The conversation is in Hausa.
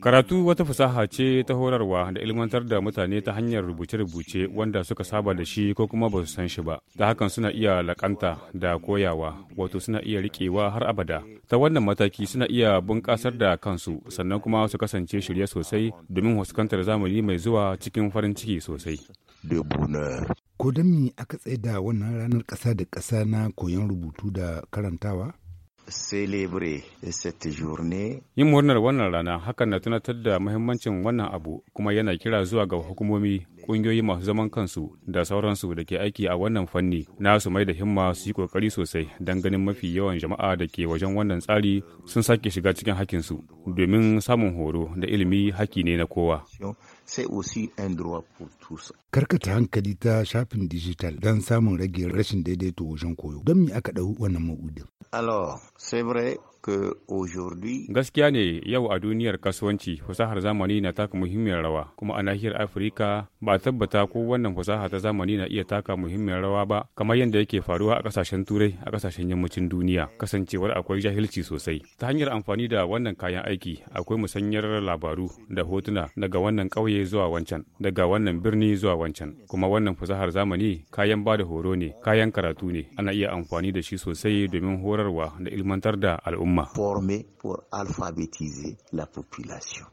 Karatu wata fasaha ce ta horarwa da ilmantar da mutane ta hanyar rubuce-rubuce wanda suka saba da shi ko kuma ba su san shi ba. Ta hakan suna iya lakanta da koyawa, wato suna iya riƙewa har abada. Ta wannan mataki suna iya bunƙasar da kansu sannan kuma su kasance shirye sosai domin fuskantar zamani mai zuwa cikin farin ciki sosai. Ko don me aka tsaye da wannan ranar ƙasa da ƙasa na koyon rubutu da karantawa? celebre cette journée. Yin murnar wannan rana hakan na tunatar da muhimmancin wannan abu kuma yana kira zuwa ga hukumomi kungiyoyi masu zaman kansu da sauransu da ke aiki a wannan fanni na su mai da himma su yi kokari sosai don ganin mafi yawan jama'a da ke wajen wannan tsari sun sake shiga cikin hakinsu domin samun horo da ilimi haki ne na kowa. Karkata hankali ta shafin dijital don samun rage rashin daidaito wajen koyo. Don me aka ɗau wannan ma'udin? Alors, c'est vrai, Gaskiya ne yau a duniyar kasuwanci fasahar zamani na taka muhimmiyar rawa kuma a nahiyar Afirka ba tabbata ko wannan fasaha ta zamani na iya taka muhimmiyar rawa ba kamar yadda yake faruwa a kasashen turai a kasashen yammacin duniya kasancewar akwai jahilci sosai ta hanyar amfani da wannan kayan aiki akwai musanyar labaru da hotuna daga wannan ƙauye zuwa wancan daga wannan birni zuwa wancan kuma wannan fasahar zamani kayan bada horo ne kayan karatu ne ana iya amfani da shi sosai domin horarwa da ilmantar da al'umma Formé pour alphabétiser la population